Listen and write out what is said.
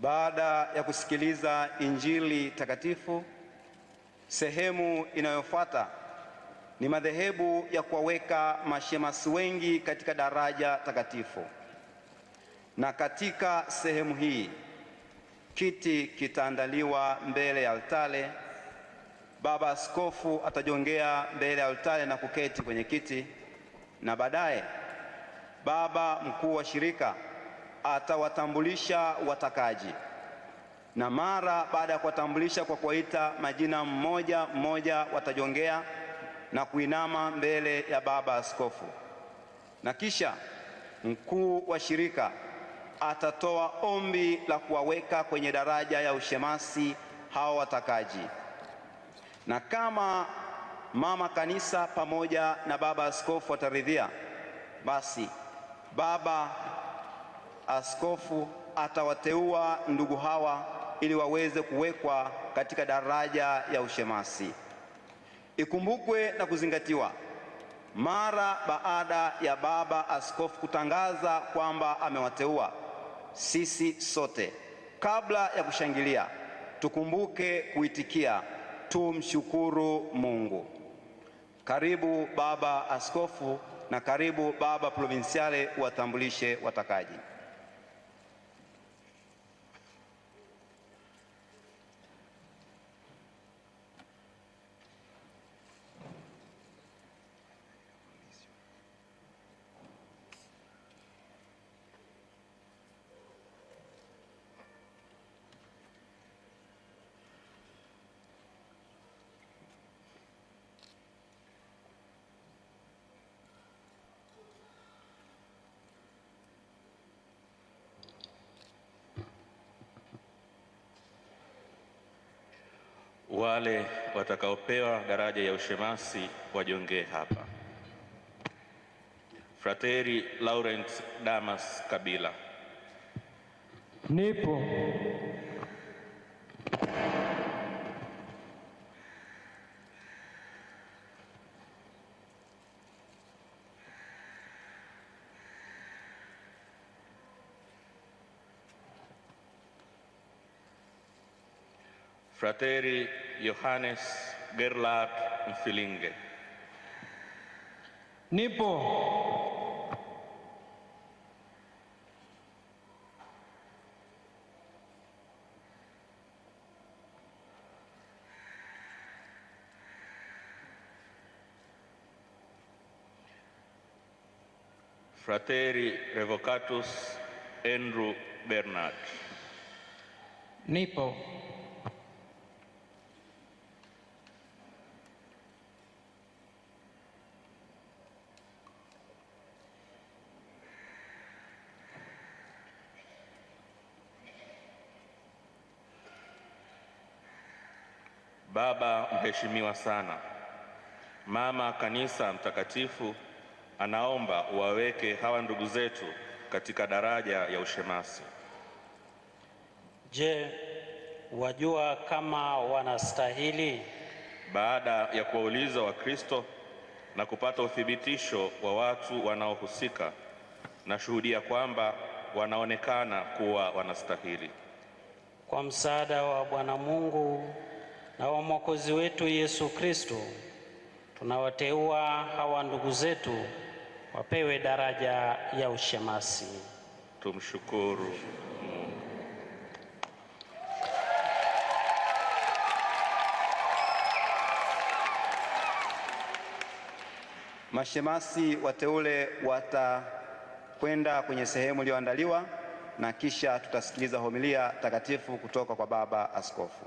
Baada ya kusikiliza Injili takatifu, sehemu inayofuata ni madhehebu ya kuwaweka mashemasi wengi katika daraja takatifu. Na katika sehemu hii kiti kitaandaliwa mbele ya altare. Baba Askofu atajongea mbele ya altare na kuketi kwenye kiti, na baadaye baba mkuu wa shirika atawatambulisha watakaji, na mara baada ya kuwatambulisha kwa kuwaita majina mmoja mmoja, watajongea na kuinama mbele ya baba askofu, na kisha mkuu wa shirika atatoa ombi la kuwaweka kwenye daraja ya ushemasi hao watakaji, na kama mama kanisa pamoja na baba askofu wataridhia, basi baba askofu atawateua ndugu hawa ili waweze kuwekwa katika daraja ya ushemasi. Ikumbukwe na kuzingatiwa, mara baada ya baba askofu kutangaza kwamba amewateua, sisi sote kabla ya kushangilia tukumbuke kuitikia tumshukuru Mungu. Karibu baba askofu na karibu baba provinsiale, watambulishe watakaji. Wale watakaopewa daraja ya ushemasi wajongee hapa. Frateri Laurent Damas Kabila. Nipo. Frateri Johannes Gerlach Mfilinge. Nipo. Frateri Revocatus Andrew Bernard. Nipo. Baba mheshimiwa sana, Mama Kanisa Mtakatifu anaomba uwaweke hawa ndugu zetu katika daraja ya ushemasi. Je, wajua kama wanastahili? Baada ya kuwauliza Wakristo na kupata uthibitisho wa watu wanaohusika, nashuhudia kwamba wanaonekana kuwa wanastahili. Kwa msaada wa Bwana Mungu na wa Mwokozi wetu Yesu Kristo, tunawateua hawa ndugu zetu wapewe daraja ya ushemasi. Tumshukuru. Mashemasi wateule watakwenda kwenye sehemu iliyoandaliwa na kisha tutasikiliza homilia takatifu kutoka kwa Baba Askofu.